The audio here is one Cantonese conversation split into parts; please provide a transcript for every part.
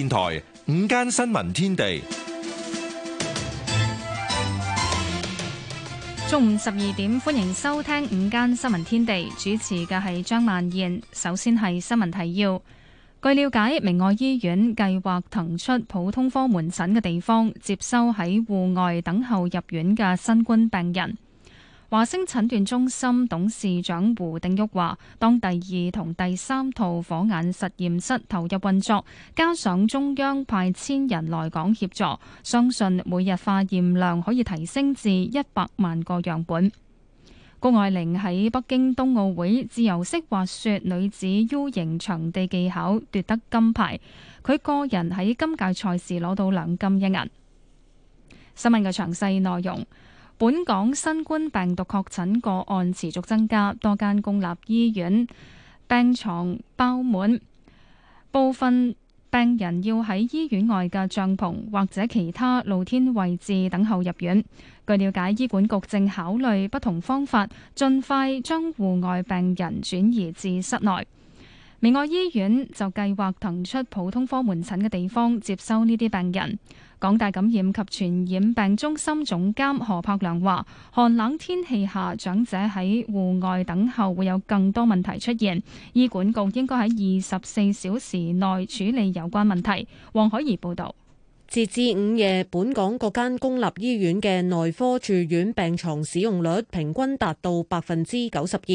電台午間新聞天地，中午十二點，歡迎收聽午間新聞天地，主持嘅係張曼燕。首先係新聞提要，據了解，明愛醫院計劃騰出普通科門診嘅地方，接收喺戶外等候入院嘅新冠病人。華星診斷中心董事長胡定旭話，當第二同第三套火眼實驗室投入運作，加上中央派千人來港協助，相信每日化驗量可以提升至一百萬個樣本。谷愛凌喺北京冬奧會自由式滑雪女子 U 型場地技巧奪得金牌，佢個人喺今屆賽事攞到兩金一銀。新聞嘅詳細內容。本港新冠病毒確診個案持續增加，多間公立醫院病床爆滿，部分病人要喺醫院外嘅帳篷或者其他露天位置等候入院。據了解，醫管局正考慮不同方法，盡快將戶外病人轉移至室內。另外，醫院就計劃騰出普通科門診嘅地方接收呢啲病人。港大感染及傳染病中心總監何柏良話：寒冷天氣下，長者喺戶外等候會有更多問題出現。醫管局應該喺二十四小時內處理有關問題。黃海怡報導。截至午夜，本港各間公立醫院嘅內科住院病床使用率平均達到百分之九十二，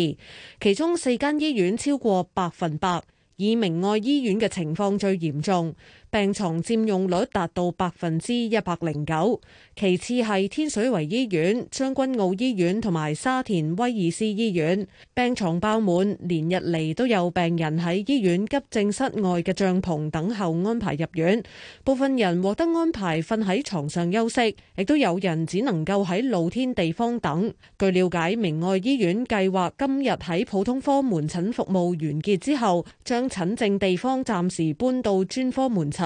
其中四間醫院超過百分百，以明愛醫院嘅情況最嚴重。病床佔用率達到百分之一百零九，其次係天水圍醫院、將軍澳醫院同埋沙田威爾斯醫院病床爆滿，連日嚟，都有病人喺醫院急症室外嘅帳篷等候安排入院，部分人獲得安排瞓喺床上休息，亦都有人只能夠喺露天地方等。據了解，明愛醫院計劃今日喺普通科門診服務完結之後，將診症地方暫時搬到專科門診。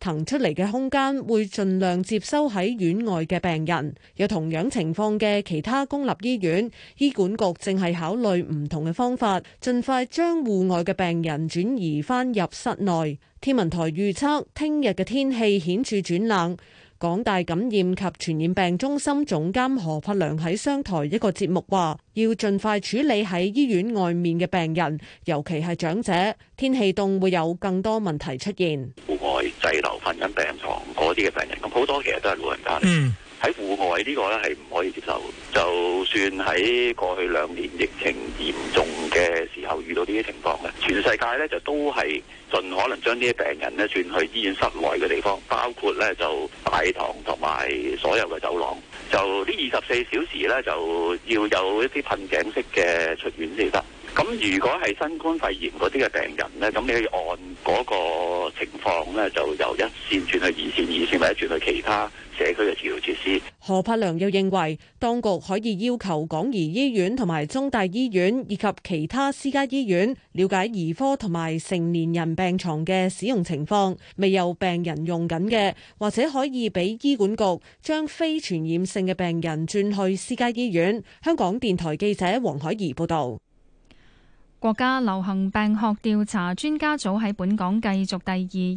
騰出嚟嘅空間會盡量接收喺院外嘅病人，有同樣情況嘅其他公立醫院，醫管局正係考慮唔同嘅方法，盡快將戶外嘅病人轉移翻入室內。天文台預測，聽日嘅天氣顯著轉冷。港大感染及傳染病中心總監何柏良喺商台一個節目話，要盡快處理喺醫院外面嘅病人，尤其係長者。天氣凍，會有更多問題出現。戶外滯留瞓緊病床嗰啲嘅病人，咁好多其實都係老人家嚟。喺戶、mm. 外呢個咧係唔可以接受。就算喺過去兩年疫情嚴重嘅時候遇到呢啲情況嘅，全世界咧就都係。盡可能將啲病人咧轉去醫院室內嘅地方，包括咧就大堂同埋所有嘅走廊，就呢二十四小時咧就要有一啲噴井式嘅出院先得。咁如果係新冠肺炎嗰啲嘅病人咧，咁你可以按嗰個情況咧，就由一線轉去二線，二線或者轉去其他社區嘅治療設施。何柏良又認為，當局可以要求港怡醫院同埋中大醫院以及其他私家醫院了解兒科同埋成年人病床嘅使用情況，未有病人用緊嘅，或者可以俾醫管局將非傳染性嘅病人轉去私家醫院。香港電台記者黃海怡報道。國家流行病學調查專家組喺本港繼續第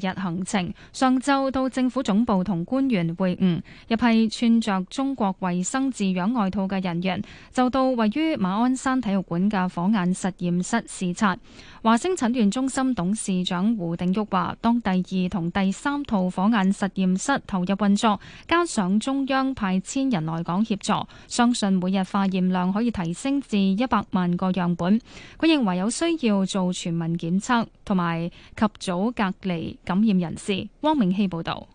二日行程，上晝到政府總部同官員會晤，一批穿着中國衛生字樣外套嘅人員，就到位於馬鞍山體育館嘅火眼實驗室視察。華星診斷中心董事長胡定旭話，當第二同第三套火眼實驗室投入運作，加上中央派千人來港協助，相信每日化驗量可以提升至一百萬個樣本。佢認為有需要做全民檢測，同埋及及早隔離感染人士。汪明希報道。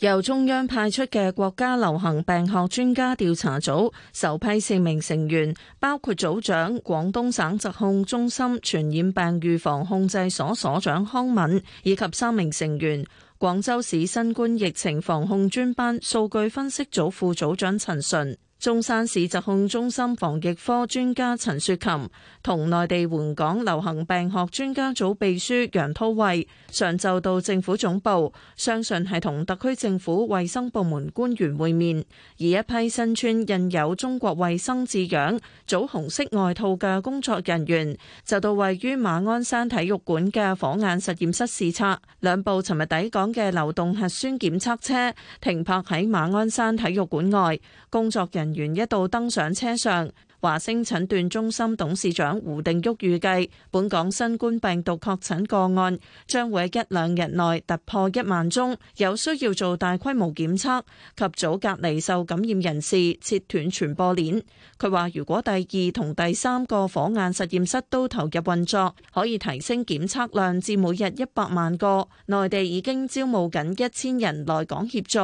由中央派出嘅國家流行病學專家調查組，首批四名成員，包括組長，廣東省疾控中心傳染病預防控制所所長康敏，以及三名成員，廣州市新冠疫情防控專班數據分析組副組長陳純。中山市疾控中心防疫科專家陳雪琴同內地援港流行病學專家組秘書楊濤慧上晝到政府總部，相信係同特區政府衛生部門官員會面。而一批身穿印有中國衛生字樣、棗紅色外套嘅工作人員就到位於馬鞍山體育館嘅火眼實驗室視察。兩部尋日抵港嘅流動核酸檢測車停泊喺馬鞍山體育館外。工作人員一度登上車上。華星診斷中心董事長胡定旭預計，本港新冠病毒確診個案將會喺一兩日內突破一萬宗，有需要做大規模檢測，及早隔離受感染人士，切斷傳播鏈。佢話如果第二同第三個火眼實驗室都投入運作，可以提升檢測量至每日一百萬個。內地已經招募緊一千人來港協助。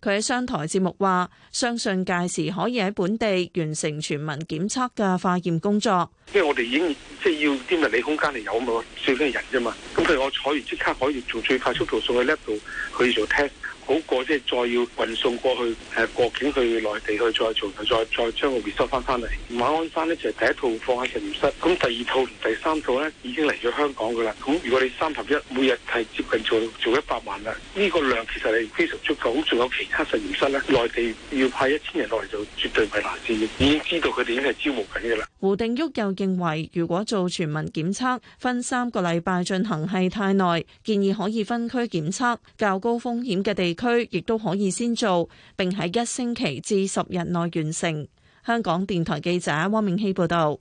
佢喺商台節目話，相信屆時可以喺本地完成全民。檢測嘅化驗工作，即係我哋已經即係要啲物理空間嚟有啊嘛，最緊要人啫嘛。咁譬如我採完即刻可以做最快速度送去 l i 度去做 test。好過即係再要運送過去，誒過境去內地去再做再再將個回收翻翻嚟。馬鞍山呢就係第一套放喺實驗室，咁第二套、同第三套咧已經嚟咗香港噶啦。咁如果你三合一，每日係接近做做一百萬啦，呢個量其實係非常足夠，仲有其他實驗室咧，內地要派一千人落嚟就絕對唔係難事。已經知道佢哋已經係招募緊噶啦。胡定旭又認為，如果做全民檢測，分三個禮拜進行係太耐，建議可以分區檢測，較高風險嘅地區亦都可以先做，並喺一星期至十日內完成。香港電台記者汪銘熙報道。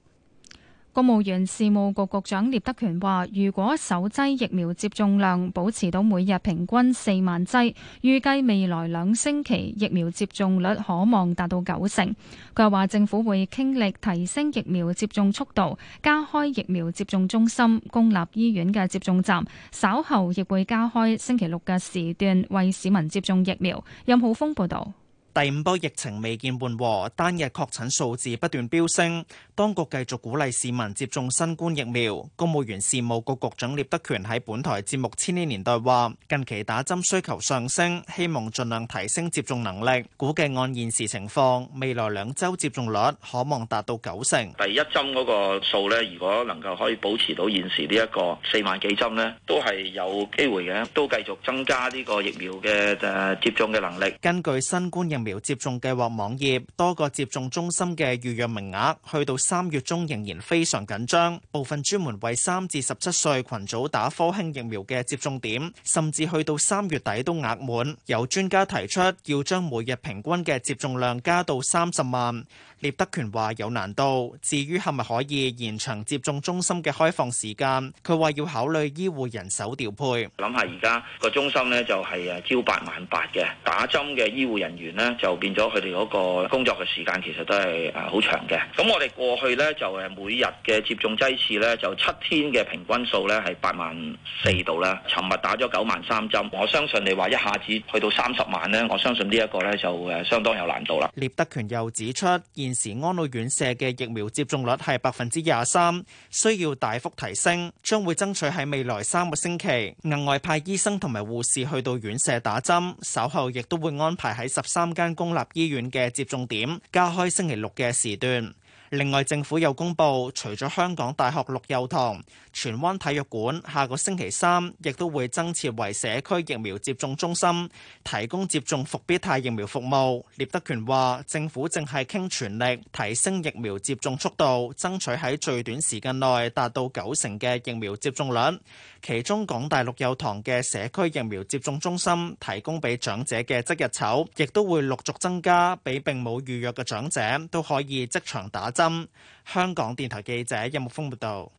公務員事務局局長聶德權話，如果首劑疫苗接種量保持到每日平均四萬劑，預計未來兩星期疫苗接種率可望達到九成。佢又話政府會傾力提升疫苗接種速度，加開疫苗接種中心、公立醫院嘅接種站，稍後亦會加開星期六嘅時段為市民接種疫苗。任浩峰報道。第五波疫情未見緩和，單日確診數字不斷飆升。當局繼續鼓勵市民接種新冠疫苗。公務員事務局局長聶德權喺本台節目《千禧年代》話：近期打針需求上升，希望盡量提升接種能力。估計按現時情況，未來兩週接種率可望達到九成。第一針嗰個數咧，如果能夠可以保持到現時呢一個四萬幾針咧，都係有機會嘅，都繼續增加呢個疫苗嘅誒接種嘅能力。根據新冠疫疫苗接種計劃網頁多個接種中心嘅預約名額，去到三月中仍然非常緊張。部分專門為三至十七歲群組打科興疫苗嘅接種點，甚至去到三月底都額滿。有專家提出要將每日平均嘅接種量加到三十萬。聶德權話有難度。至於係咪可以延長接種中心嘅開放時間，佢話要考慮醫護人手調配。諗下而家個中心咧就係誒朝八晚八嘅打針嘅醫護人員咧。就變咗佢哋嗰個工作嘅時間，其實都係誒好長嘅。咁我哋過去呢，就誒每日嘅接種劑次呢，就七天嘅平均數呢，係八萬四度啦。尋日打咗九萬三針，我相信你話一下子去到三十萬呢，我相信呢一個呢，就誒相當有難度啦。聶德權又指出，現時安老院舍嘅疫苗接種率係百分之廿三，需要大幅提升，將會爭取喺未來三個星期額外派醫生同埋護士去到院舍打針，稍後亦都會安排喺十三間間公立醫院嘅接種點加開星期六嘅時段。另外，政府又公布，除咗香港大學陸佑堂、荃灣體育館，下個星期三亦都會增設為社區疫苗接種中心，提供接種復必泰疫苗服務。聶德權話，政府正係傾全力提升疫苗接種速度，爭取喺最短時間內達到九成嘅疫苗接種率。其中，港大陸有堂嘅社區疫苗接種中心提供俾長者嘅即日籌，亦都會陸續增加，俾並冇預約嘅長者都可以即場打針，香港電台記者任木峯報道。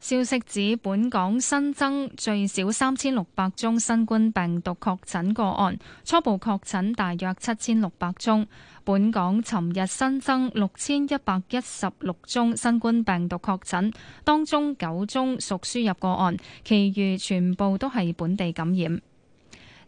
消息指，本港新增最少三千六百宗新冠病毒確診個案，初步確診大約七千六百宗。本港尋日新增六千一百一十六宗新冠病毒確診，當中九宗屬輸入個案，其餘全部都係本地感染。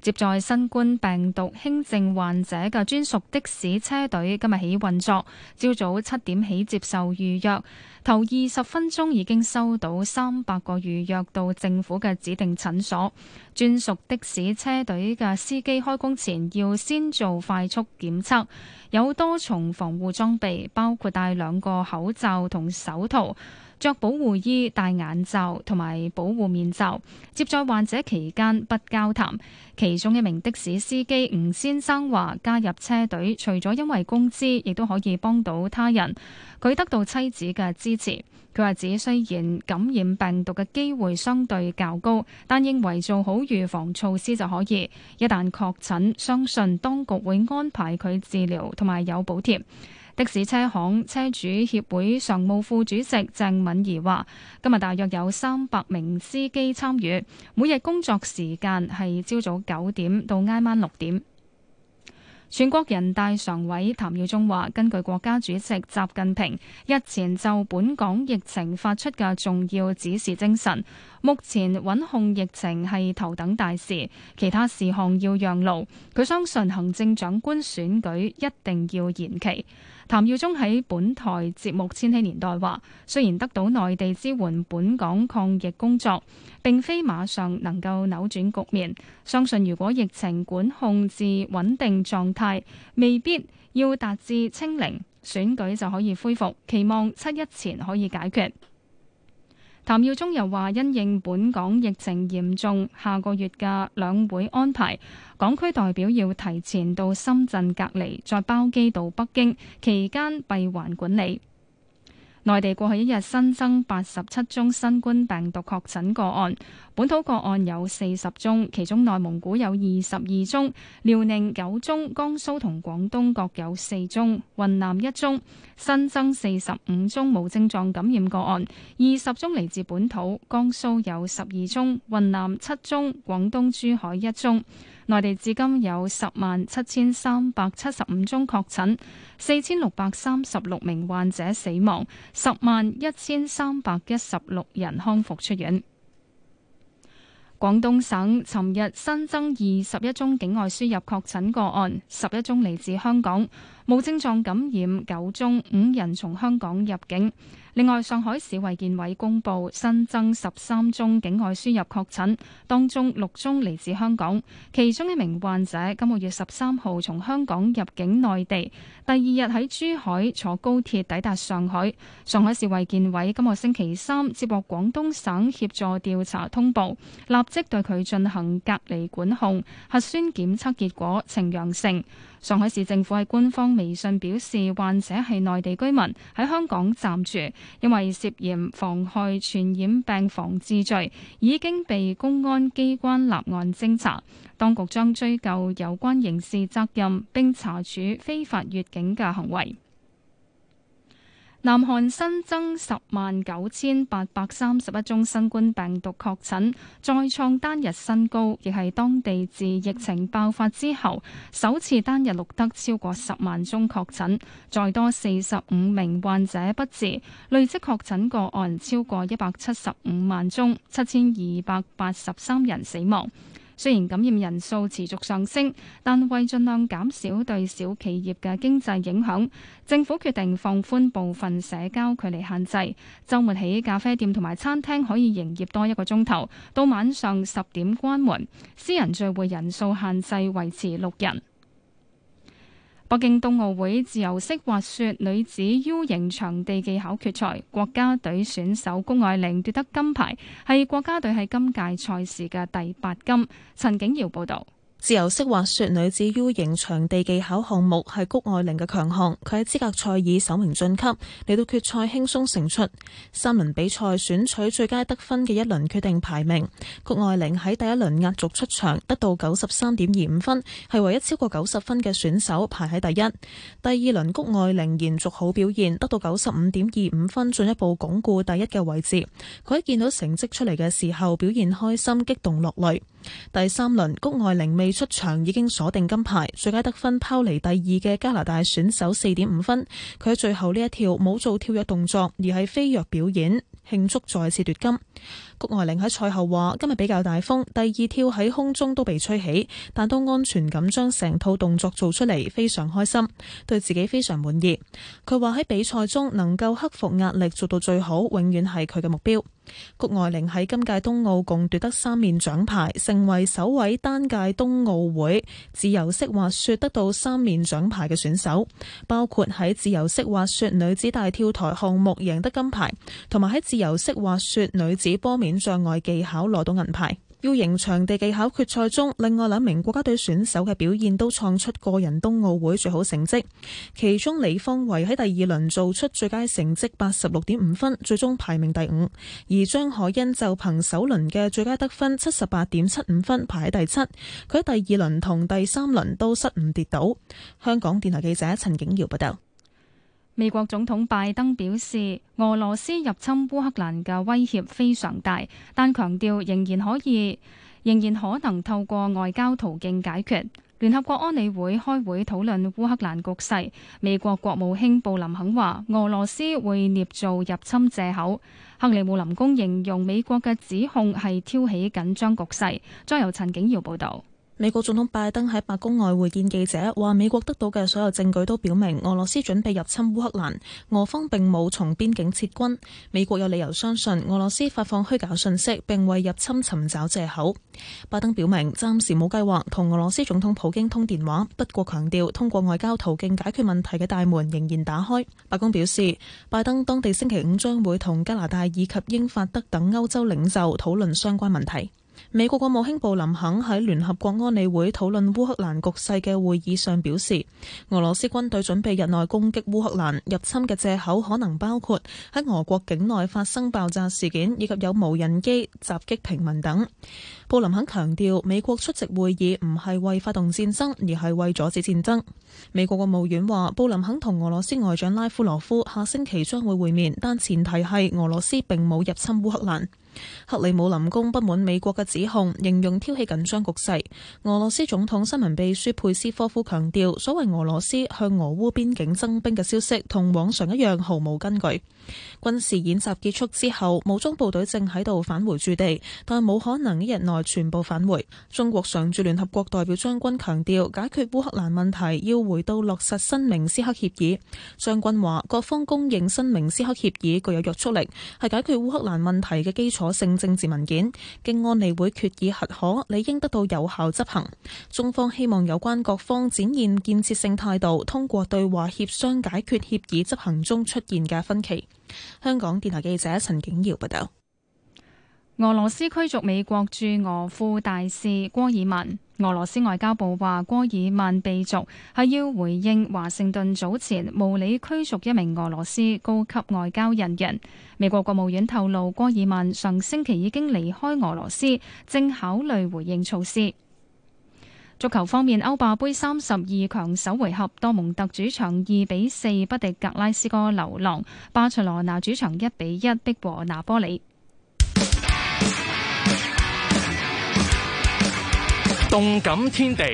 接載新冠病毒輕症患者嘅專屬的士車隊今日起運作，朝早七點起接受預約。頭二十分鐘已經收到三百個預約到政府嘅指定診所。專屬的士車隊嘅司機開工前要先做快速檢測，有多重防護裝備，包括戴兩個口罩同手套，着保護衣、戴眼罩同埋保護面罩。接載患者期間不交談。其中一名的士司機吳先生話，加入車隊除咗因為工資，亦都可以幫到他人。佢得到妻子嘅支。佢話指，雖然感染病毒嘅機會相對較高，但認為做好預防措施就可以。一旦確診，相信當局會安排佢治療，同埋有補貼。的士車行車主協會常務副主席鄭敏儀話，今日大約有三百名司機參與，每日工作時間係朝早九點到挨晚六點。全國人大常委譚耀宗話，根據國家主席習近平日前就本港疫情發出嘅重要指示精神，目前穩控疫情係頭等大事，其他事項要讓路。佢相信行政長官選舉一定要延期。譚耀宗喺本台節目《千禧年代》話，雖然得到內地支援，本港抗疫工作並非馬上能夠扭轉局面。相信如果疫情管控至穩定狀態，未必要達至清零，選舉就可以恢復，期望七一前可以解決。譚耀宗又話，因應本港疫情嚴重，下個月嘅兩會安排，港區代表要提前到深圳隔離，再包機到北京，期間閉環管理。內地過去一日新增八十七宗新冠病毒確診個案，本土個案有四十宗，其中內蒙古有二十二宗，遼寧九宗，江蘇同廣東各有四宗，雲南一宗。新增四十五宗無症狀感染個案，二十宗嚟自本土，江蘇有十二宗，雲南七宗，廣東珠海一宗。內地至今有十萬七千三百七十五宗確診，四千六百三十六名患者死亡，十萬一千三百一十六人康復出院。廣東省尋日新增二十一宗境外輸入確診個案，十一宗嚟自香港，無症狀感染九宗，五人從香港入境。另外，上海市衛健委公布新增十三宗境外輸入確診，當中六宗嚟自香港。其中一名患者今個月十三號從香港入境內地，第二日喺珠海坐高鐵抵達上海。上海市衛健委今個星期三接獲廣東省協助調查通報，立即對佢進行隔離管控，核酸檢測結果呈陽性。上海市政府喺官方微信表示，患者係內地居民喺香港暫住。因為涉嫌妨害傳染病防治罪，已經被公安機關立案偵查，當局將追究有關刑事責任並查處非法越境嘅行為。南韓新增十萬九千八百三十一宗新冠病毒確診，再創單日新高，亦係當地自疫情爆發之後首次單日錄得超過十萬宗確診，再多四十五名患者不治，累積確診個案超過一百七十五萬宗，七千二百八十三人死亡。雖然感染人數持續上升，但為盡量減少對小企業嘅經濟影響，政府決定放寬部分社交距離限制。週末起，咖啡店同埋餐廳可以營業多一個鐘頭，到晚上十點關門。私人聚會人數限制維持六人。北京冬奧會自由式滑雪女子 U 型場地技巧決賽，國家隊選手谷愛凌奪得金牌，係國家隊喺今屆賽事嘅第八金。陳景瑤報道。自由式滑雪女子 U 型場地技巧項目係谷愛玲嘅強項，佢喺資格賽以首名晉級，嚟到決賽輕鬆勝出。三輪比賽選取最佳得分嘅一輪決定排名。谷愛玲喺第一輪壓軸出場，得到九十三點二五分，係唯一超過九十分嘅選手，排喺第一。第二輪谷愛玲延續好表現，得到九十五點二五分，進一步鞏固第一嘅位置。佢喺見到成績出嚟嘅時候，表現開心激動落淚。第三輪，谷愛玲未出場已經鎖定金牌，最佳得分拋離第二嘅加拿大選手四點五分。佢喺最後呢一跳冇做跳躍動作，而係飛躍表演慶祝再次奪金。谷愛玲喺賽後話：今日比較大風，第二跳喺空中都被吹起，但都安全咁將成套動作做出嚟，非常開心，對自己非常滿意。佢話喺比賽中能夠克服壓力做到最好，永遠係佢嘅目標。谷愛玲喺今屆冬奧共奪得三面獎牌，成為首位單屆冬奧會自由式滑雪得到三面獎牌嘅選手，包括喺自由式滑雪女子大跳台項目贏得金牌，同埋喺自由式滑雪女子坡面障礙技巧攞到銀牌。要迎場地技巧決賽中，另外兩名國家隊選手嘅表現都創出個人冬奧會最好成績。其中李方維喺第二輪做出最佳成績八十六點五分，最終排名第五；而張海欣就憑首輪嘅最佳得分七十八點七五分排喺第七。佢喺第二輪同第三輪都失誤跌倒。香港電台記者陳景瑤報道。拜拜。美國總統拜登表示，俄羅斯入侵烏克蘭嘅威脅非常大，但強調仍然可以、仍然可能透過外交途徑解決。聯合國安理會開會討論烏克蘭局勢，美國國務卿布林肯話俄羅斯會捏造入侵借口。克里姆林宮形容美國嘅指控係挑起緊張局勢。再由陳景堯報道。美國總統拜登喺白宮外會見記者，話美國得到嘅所有證據都表明俄羅斯準備入侵烏克蘭，俄方並冇從邊境撤軍。美國有理由相信俄羅斯發放虛假信息，並為入侵尋找借口。拜登表明暫時冇計劃同俄羅斯總統普京通電話，不過強調通過外交途徑解決問題嘅大門仍然打開。白宮表示，拜登當地星期五將會同加拿大以及英法德等歐洲領袖討論相關問題。美國國務卿布林肯喺聯合國安理會討論烏克蘭局勢嘅會議上表示，俄羅斯軍隊準備日內攻擊烏克蘭，入侵嘅借口可能包括喺俄國境內發生爆炸事件以及有無人機襲擊平民等。布林肯強調，美國出席會議唔係為發動戰爭，而係為阻止戰爭。美國國務院話，布林肯同俄羅斯外長拉夫羅夫下星期將會會面，但前提係俄羅斯並冇入侵烏克蘭。克里姆林宮不滿美國嘅指控，形容挑起緊張局勢。俄羅斯總統新聞秘書佩斯科夫強調，所謂俄羅斯向俄烏邊境增兵嘅消息，同往常一樣毫無根據。軍事演習結束之後，武裝部隊正喺度返回駐地，但係冇可能一日內全部返回。中國常駐聯合國代表張軍強調，解決烏克蘭問題要回到落實新明斯克協議。張軍話：各方公認新明斯克協議具有約束力，係解決烏克蘭問題嘅基礎性政治文件，經安理會決議核可，理應得到有效執行。中方希望有關各方展現建設性態度，通過對話協商解決協議執行中出現嘅分歧。香港電臺記者陳景瑤報道：俄羅斯驅逐美國駐俄副大使戈爾曼。俄羅斯外交部話，戈爾曼被逐係要回應華盛頓早前無理驅逐一名俄羅斯高級外交人員。美國國務院透露，戈爾曼上星期已經離開俄羅斯，正考慮回應措施。足球方面，歐霸杯三十二強首回合，多蒙特主場二比四不敵格拉斯哥流浪；巴塞羅那主場一比一逼和拿波里。動感天地，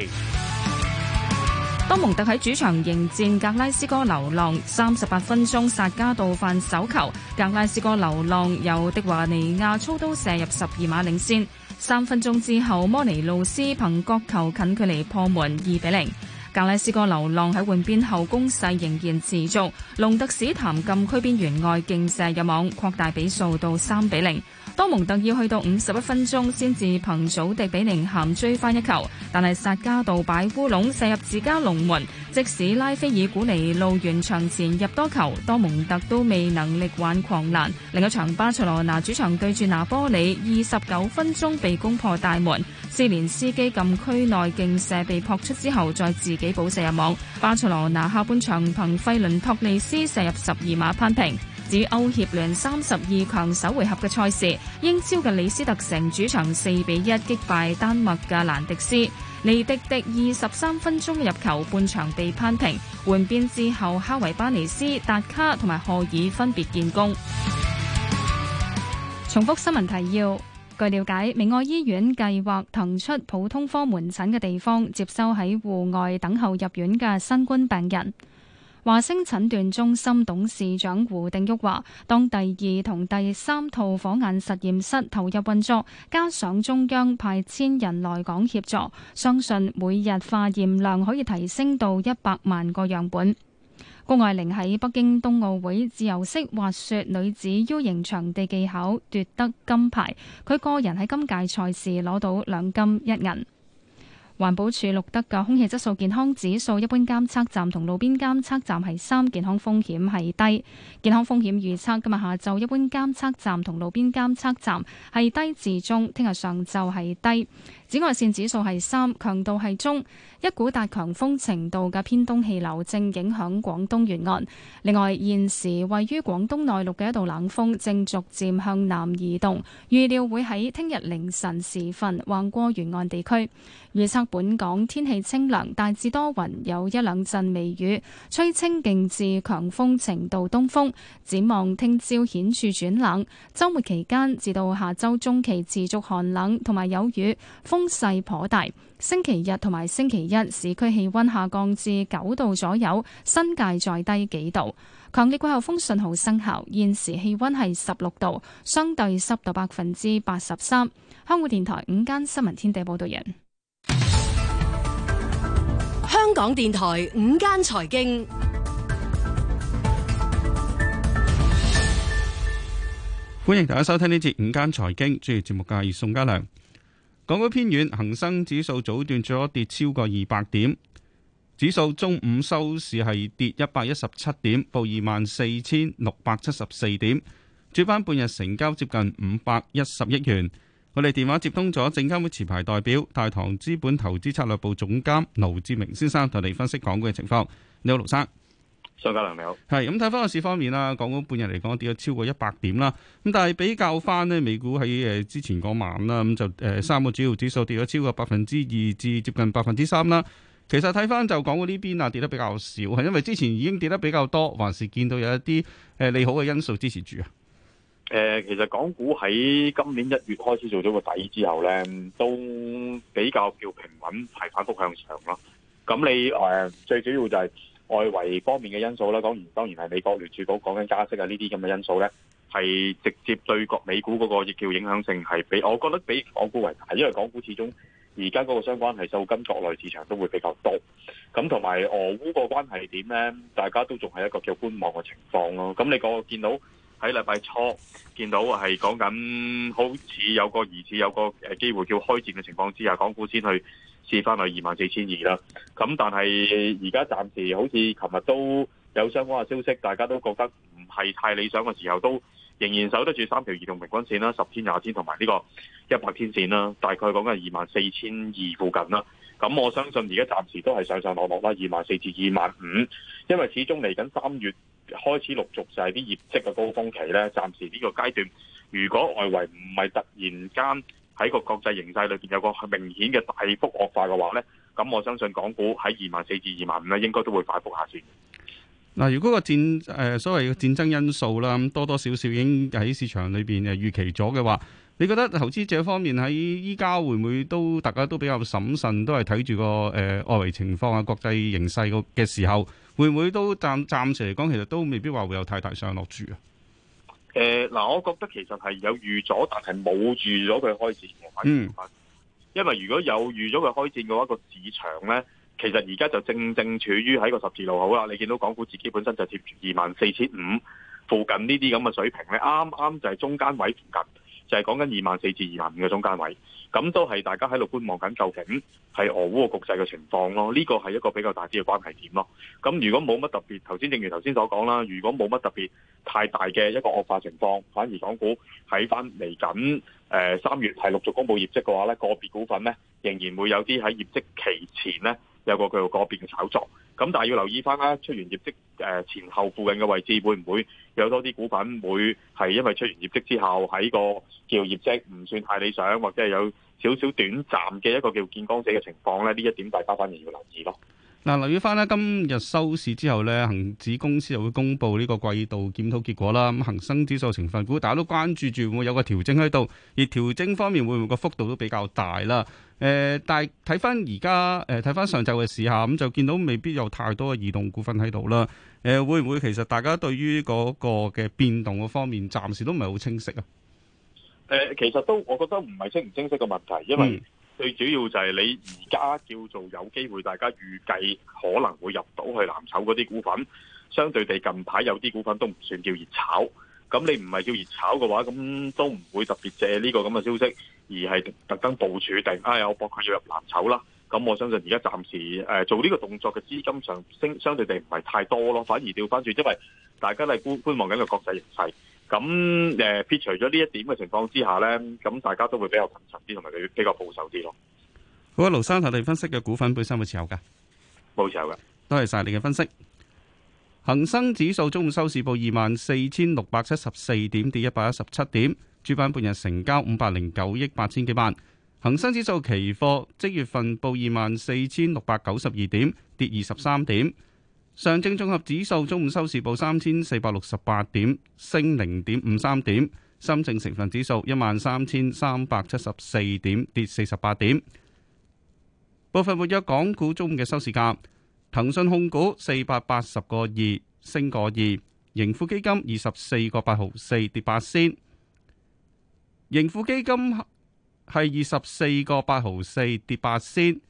多蒙特喺主場迎戰格拉斯哥流浪，三十八分鐘殺加道犯手球，格拉斯哥流浪由迪華尼亞操刀射入十二碼領先。三分鐘之後，摩尼路斯憑角球近距離破門，二比零。格拉斯哥流浪喺換邊後攻勢仍然持續，龍特史談禁區邊緣外勁射入網，擴大比數到三比零。多蒙特要去到五十一分鐘先至憑祖迪比寧咸追翻一球，但係沙加道擺烏龍射入自家龍門。即使拉斐爾古尼路完場前入多球，多蒙特都未能力挽狂瀾。另一場巴塞羅那主場對住拿波里，二十九分鐘被攻破大門，斯連斯基禁區內勁射被撲出之後再自己補射入網。巴塞羅那下半場憑費倫托利斯射入十二碼扳平。指歐協聯三十二強首回合嘅賽事，英超嘅里斯特城主場四比一擊敗丹麥嘅蘭迪斯，尼迪迪二十三分鐘入球，半場被扳平，換邊之後，哈維巴尼斯、達卡同埋科爾分別建功。重複新聞提要：據了解，明愛醫院計劃騰出普通科門診嘅地方，接收喺戶外等候入院嘅新冠病人。華星診斷中心董事長胡定旭話，當第二同第三套火眼實驗室投入運作，加上中央派千人來港協助，相信每日化驗量可以提升到一百萬個樣本。谷愛凌喺北京冬奧會自由式滑雪女子 U 型場地技巧奪得金牌，佢個人喺今屆賽事攞到兩金一銀。環保署錄得嘅空氣質素健康指數，一般監測站同路邊監測站係三，健康風險係低。健康風險預測今日下晝一般監測站同路邊監測站係低至中，聽日上晝係低。紫外線指數係三，強度係中。一股大強風程度嘅偏東氣流正影響廣東沿岸。另外，現時位於廣東內陸嘅一道冷鋒，正逐漸向南移動，預料會喺聽日凌晨時分橫過沿岸地區。預測本港天氣清涼，大致多雲，有一兩陣微雨，吹清勁至強風程度東風。展望聽朝顯著轉冷，周末期間至到下周中期持續寒冷同埋有，有雨，風，風勢頗大，星期日同埋星期一市區氣溫下降至九度左右，新界再低幾度。強烈季候風信號生效，現時氣溫係十六度，相對濕度百分之八十三。香港電台午間新聞天地報道人，香港電台午間財經，歡迎大家收聽呢節午間財經主持節目嘅係宋嘉良。港股偏軟，恆生指數早段最多跌超過二百點，指數中午收市係跌一百一十七點，報二萬四千六百七十四點。主板半日成交接近五百一十億元。我哋電話接通咗證監會持牌代表、大堂資本投資策略部總監盧志明先生，同你分析港股嘅情況。你好，盧生。張家良你好，係咁睇翻個市方面啦，港股半日嚟講跌咗超過一百點啦。咁但係比較翻咧，美股喺誒之前嗰晚啦，咁就誒三個主要指數跌咗超過百分之二至接近百分之三啦。其實睇翻就講我呢邊啊，跌得比較少，係因為之前已經跌得比較多，還是見到有一啲誒利好嘅因素支持住啊。誒，其實港股喺今年一月開始做咗個底之後咧，都比較叫平穩係反覆向上咯。咁你誒最主要就係……外圍方面嘅因素啦，當然當然係美國聯儲局講緊加息啊，呢啲咁嘅因素咧，係直接對國美股嗰個叫影響性係比，我覺得比港股為大，因為港股始終而家嗰個相關係數跟國內市場都會比較多。咁同埋俄烏個關係點咧，大家都仲係一個叫觀望嘅情況咯。咁你嗰個見到喺禮拜初見到係講緊好似有個疑似有個誒機會叫開戰嘅情況之下，港股先去。試翻去二萬四千二啦，咁但係而家暫時好似琴日都有相關嘅消息，大家都覺得唔係太理想嘅時候，都仍然守得住三條移動平均線啦，十天、廿天同埋呢個一百天線啦，大概講緊二萬四千二附近啦。咁我相信而家暫時都係上上落落啦，二萬四至二萬五，因為始終嚟緊三月開始陸續就係啲業績嘅高峰期呢。暫時呢個階段，如果外圍唔係突然間。喺個國際形勢裏邊有個明顯嘅大幅惡化嘅話呢，咁我相信港股喺二萬四至二萬五咧，應該都會反覆下線。嗱，如果個戰、誒、呃、所謂嘅戰爭因素啦，多多少少已經喺市場裏邊誒預期咗嘅話，你覺得投資者方面喺依家會唔會都大家都比較審慎，都係睇住個誒、呃、外圍情況啊、國際形勢嘅時候，會唔會都暫暫時嚟講，其實都未必話會有太大上落住啊？誒，嗱、呃，我覺得其實係有預咗，但係冇預咗佢開戰嘅位置，嗯、因為如果有預咗佢開戰嘅話，個市場咧，其實而家就正正處於喺個十字路口啦。你見到港股自己本身就貼住二萬四千五附近呢啲咁嘅水平咧，啱啱就係中間位附近。就係講緊二萬四至二萬五嘅中間位，咁都係大家喺度觀望緊，究竟係俄烏個局勢嘅情況咯。呢個係一個比較大啲嘅關係點咯。咁如果冇乜特別，頭先正如頭先所講啦，如果冇乜特別太大嘅一個惡化情況，反而港股喺翻嚟緊，誒三月係陸續公佈業績嘅話咧，個別股份咧仍然會有啲喺業績期前咧，有個叫做個別嘅炒作咁，但係要留意翻啦。出完業績誒前後附近嘅位置會唔會有多啲股份會係因為出完業績之後喺個叫業績唔算太理想，或者係有少少短暫嘅一個叫見光死嘅情況咧？呢一點大家反而要留意咯。嗱，留意翻咧，今日收市之後咧，恆指公司就會公布呢個季度檢討結果啦。咁恆生指數成分股，大家都關注住會唔會有個調整喺度，而調整方面會唔會個幅度都比較大啦？誒、呃，但係睇翻而家誒，睇、呃、翻上晝嘅市下，咁、呃、就見到未必有太多嘅移動股份喺度啦。誒、呃，會唔會其實大家對於嗰個嘅變動嘅方面，暫時都唔係好清晰啊？誒、呃，其實都我覺得唔係清唔清晰嘅問題，因為，嗯最主要就係你而家叫做有機會，大家預計可能會入到去藍籌嗰啲股份，相對地近排有啲股份都唔算叫熱炒。咁你唔係叫熱炒嘅話，咁都唔會特別借呢個咁嘅消息，而係特登部署定。哎呀，我博佢要入藍籌啦。咁我相信而家暫時、呃、做呢個動作嘅資金上，相相對地唔係太多咯。反而調翻轉，因為大家都係觀望緊個國際形勢。咁誒，撇除咗呢一點嘅情況之下呢，咁大家都會比較謹慎啲，同埋比較保守啲咯。好啊，盧生，睇你分析嘅股份，本身會持有嘅，冇持有嘅。多謝晒你嘅分析。恒生指數中午收市報二萬四千六百七十四點，跌一百一十七點。主板半日成交五百零九億八千幾萬。恒生指數期貨即月份報二萬四千六百九十二點，跌二十三點。上證綜合指數中午收市報三千四百六十八點，升零點五三點；深證成分指數一萬三千三百七十四點，跌四十八點。部分活躍港股中午嘅收市價：騰訊控股四百八十個二，升個二；盈富基金二十四個八毫四，跌八仙；盈富基金係二十四個八毫四，跌八仙。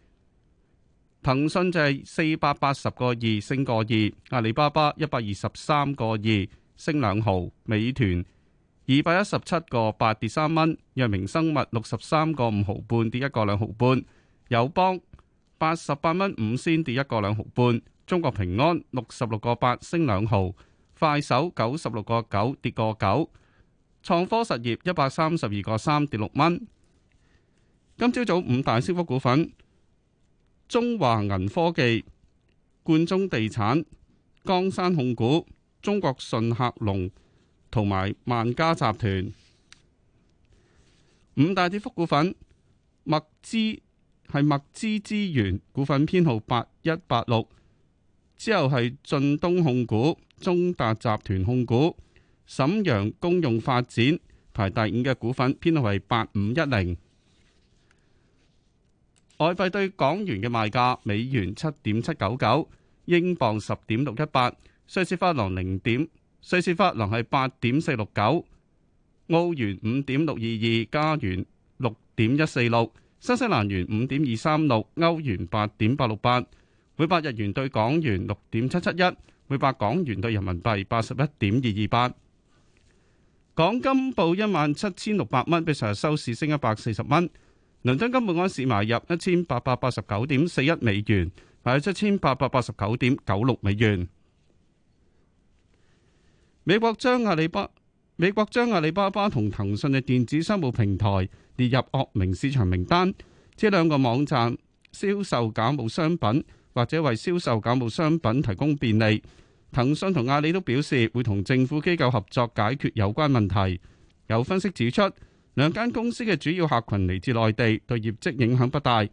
騰訊就係四百八十個二升個二，阿里巴巴一百二十三個二升兩毫，美團二百一十七個八跌三蚊，藥明生物六十三個五毫半跌一個兩毫半，友邦八十八蚊五仙跌一個兩毫半，中國平安六十六個八升兩毫，快手九十六個九跌個九，創科實業一百三十二個三跌六蚊。今朝早五大升幅股份。中華銀科技、冠中地產、江山控股、中國順客隆同埋萬家集團。五大跌幅股份，麥資係麥資資源股份編號八一八六，之後係晉東控股、中達集團控股、瀋陽公用發展，排第五嘅股份編號為八五一零。外幣對港元嘅賣價：美元七點七九九，英鎊十點六一八，瑞士法郎零點，瑞士法郎係八點四六九，澳元五點六二二，加元六點一四六，新西蘭元五點二三六，歐元八點八六八，每百日元對港元六點七七一，每百港元對人民幣八十一點二二八。港金報一萬七千六百蚊，比上日收市升一百四十蚊。倫敦金本安司買入一千八百八十九點四一美元，買入一千八百八十九點九六美元。美國將阿里巴，美國將阿里巴巴同騰訊嘅電子商務平台列入惡名市場名單。這兩個網站銷售假冒商品或者為銷售假冒商品提供便利。騰訊同阿里都表示會同政府機構合作解決有關問題。有分析指出，兩間公司嘅主要客群嚟自內地，對業績影響不大，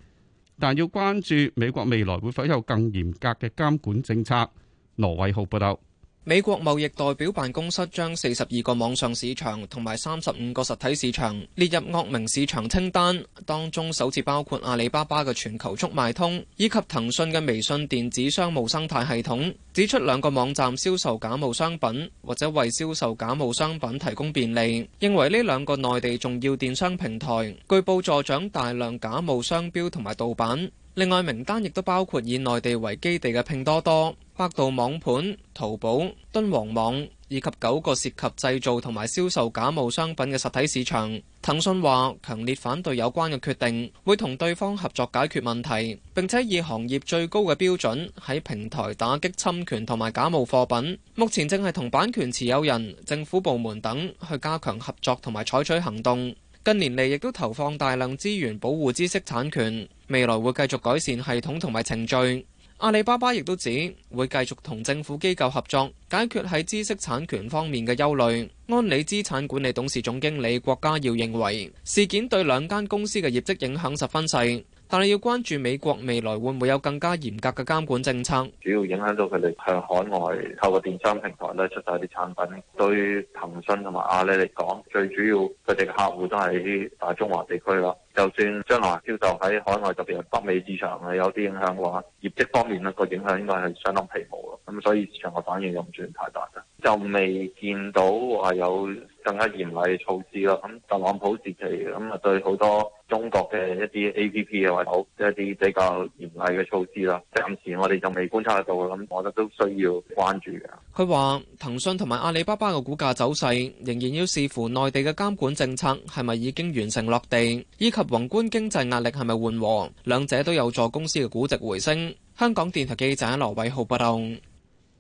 但要關注美國未來會否有更嚴格嘅監管政策。羅偉浩報道。美國貿易代表辦公室將四十二個網上市場同埋三十五個實體市場列入惡名市場清單，當中首次包括阿里巴巴嘅全球速賣通以及騰訊嘅微信電子商務生態系統，指出兩個網站銷售假冒商品或者為銷售假冒商品提供便利，認為呢兩個內地重要電商平台據報助長大量假冒商標同埋盜版。另外，名單亦都包括以內地為基地嘅拼多多、百度網盤、淘寶、敦煌網，以及九個涉及製造同埋銷售假冒商品嘅實體市場。騰訊話：強烈反對有關嘅決定，會同對方合作解決問題，並且以行業最高嘅標準喺平台打擊侵權同埋假冒貨品。目前正係同版權持有人、政府部門等去加強合作同埋採取行動。近年嚟亦都投放大量資源保護知識產權。未來會繼續改善系統同埋程序。阿里巴巴亦都指會繼續同政府機構合作，解決喺知識產權方面嘅憂慮。安理資產管理董事總經理郭家耀認為，事件對兩間公司嘅業績影響十分細，但係要關注美國未來會唔會有更加嚴格嘅監管政策。主要影響到佢哋向海外透過電商平台咧出售啲產品。對於騰訊同埋阿里嚟講，最主要佢哋嘅客戶都係大中華地區咯。就算將來銷售喺海外，特別係北美市場，有啲影響嘅話，業績方面呢個影響應該係相當皮毛咯。咁所以市場嘅反應又唔算太大嘅，就未見到話有更加嚴厲嘅措施啦。咁特朗普時期咁啊，對好多中國嘅一啲 A P P 啊，或者一啲比較嚴厲嘅措施啦，暫時我哋就未觀察到，咁我覺得都需要關注嘅。佢話騰訊同埋阿里巴巴嘅股價走勢，仍然要視乎內地嘅監管政策係咪已經完成落地，依。及宏觀經濟壓力係咪緩和？兩者都有助公司嘅估值回升。香港電台記者羅偉浩報道，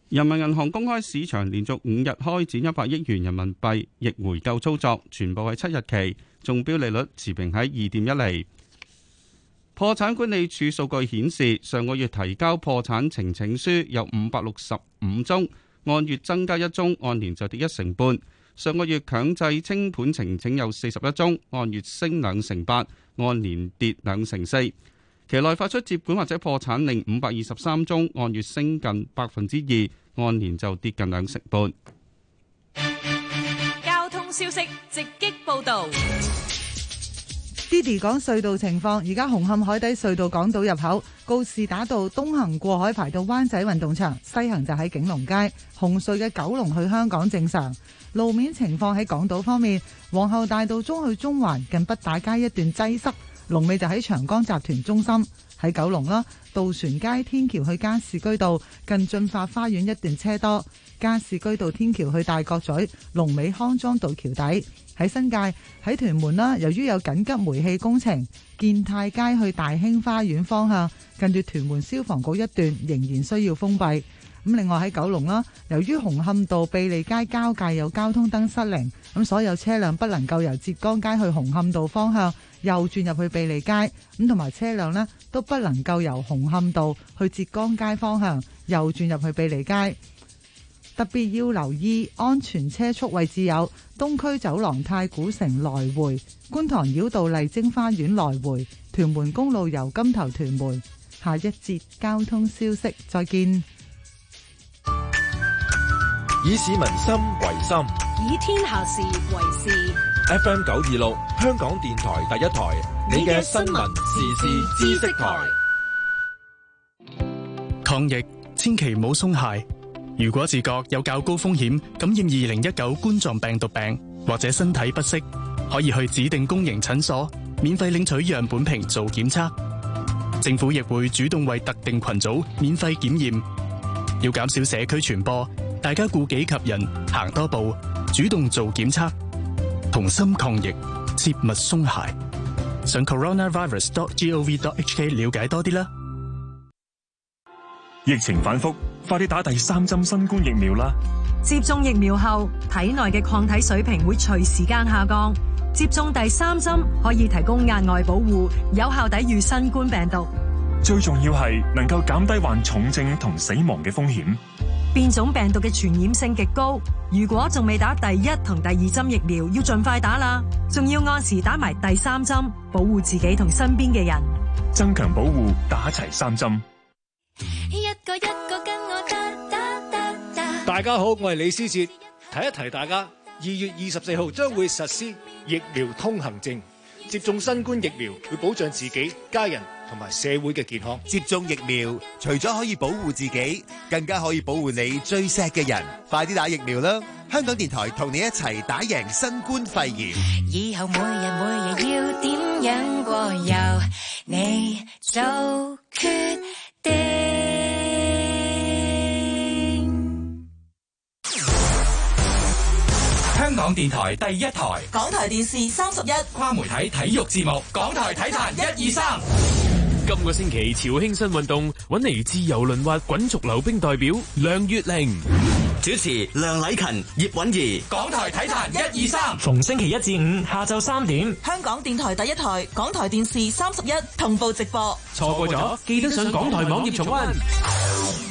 人民銀行公開市場連續五日開展一百億元人民幣逆回購操作，全部係七日期，中標利率持平喺二點一厘。破產管理處數據顯示，上個月提交破產呈請書有五百六十五宗，按月增加一宗，按年就跌一成半。上個月強制清盤呈請有四十一宗，按月升兩成八，按年跌兩成四。期內發出接管或者破產令五百二十三宗，按月升近百分之二，按年就跌近兩成半。交通消息直擊報道，d d y 講隧道情況，而家紅磡海底隧道港島入口告士打道東行過海排到灣仔運動場，西行就喺景隆街。紅隧嘅九龍去香港正常。路面情況喺港島方面，皇后大道中去中環近畢打街一段擠塞，龍尾就喺長江集團中心。喺九龍啦；渡船街天橋去加士居道近進發花園一段車多，加士居道天橋去大角咀龍尾康莊道橋底。喺新界喺屯門啦，由於有緊急煤氣工程，建泰街去大興花園方向近住屯門消防局一段仍然需要封閉。咁另外喺九龍啦，由於紅磡道、庇利街交界有交通燈失靈，咁所有車輛不能夠由浙江街去紅磡道方向，右轉入去庇利街。咁同埋車輛呢都不能夠由紅磡道去浙江街方向，右轉入去庇利街。特別要留意安全車速位置有東區走廊、太古城來回、觀塘繞道、麗晶花園來回、屯門公路油柑頭屯門。下一節交通消息再見。以市民心為心，以天下事為事。FM 九二六，香港電台第一台，你嘅新聞、時事、知識台。抗疫千祈唔好鬆懈。如果自覺有較高風險感染二零一九冠狀病毒病，或者身體不適，可以去指定公營診所免費領取樣本瓶做檢測。政府亦會主動為特定群組免費檢驗。要減少社區傳播。大家顧己及人，行多步，主動做檢測，同心抗疫，切勿鬆懈。上 coronavirus.gov.hk 了解多啲啦。疫情反復，快啲打第三針新冠疫苗啦！接種疫苗後，體內嘅抗體水平會隨時間下降，接種第三針可以提供額外保護，有效抵御新冠病毒。最重要係能夠減低患重症同死亡嘅風險。變種病毒嘅傳染性極高，如果仲未打第一同第二針疫苗，要盡快打啦，仲要按時打埋第三針，保護自己同身邊嘅人，增強保護，打齊三針。一個一個跟我打，打，打，打。大家好，我係李思捷，提一提大家，二月二十四號將會實施疫苗通行證。接種新冠疫苗會保障自己、家人同埋社會嘅健康。接種疫苗除咗可以保護自己，更加可以保護你最錫嘅人。快啲打疫苗啦！香港電台同你一齊打贏新冠肺炎。以後每日每夜要點樣過，由你做決定。香港電台第一台，港台電視三十一，跨媒體體育節目，港台體壇一二三。今個星期朝興新運動揾嚟自由輪滑滾軸溜冰代表梁月玲，主持梁禮勤、葉韻儀，港台體壇一二三。從星期一至五下晝三點，香港電台第一台，港台電視三十一同步直播。錯過咗，記得上港台網頁重溫。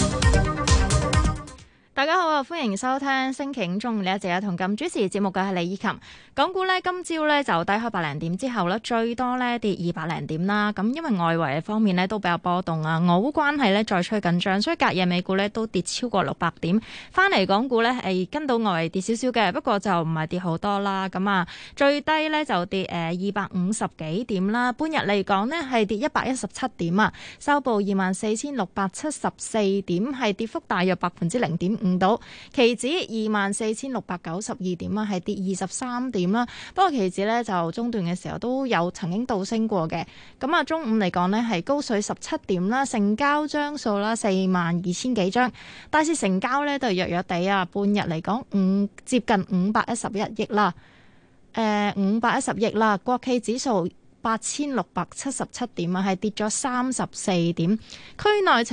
大家好，歡迎收聽星期五中午呢一節嘅同感主持節目嘅係李依琴。港股呢，今朝呢就低開百零點之後呢，最多呢跌二百零點啦。咁因為外圍方面呢都比較波動啊，俄烏關係呢再趨緊張，所以隔夜美股呢都跌超過六百點。翻嚟港股呢，係跟到外圍跌少少嘅，不過就唔係跌好多啦。咁啊，最低呢就跌誒二百五十幾點啦。半日嚟講呢，係跌一百一十七點啊，收報二萬四千六百七十四點，係跌幅大約百分之零點五。到期指二萬四千六百九十二點啊，係跌二十三點啦。不過期指呢，就中段嘅時候都有曾經倒升過嘅。咁啊，中午嚟講呢，係高水十七點啦，成交張數啦四萬二千幾張，大市成交呢，都係弱弱地啊。半日嚟講五接近五百一十一億啦，誒五百一十億啦。國企指數八千六百七十七點啊，係跌咗三十四點。區內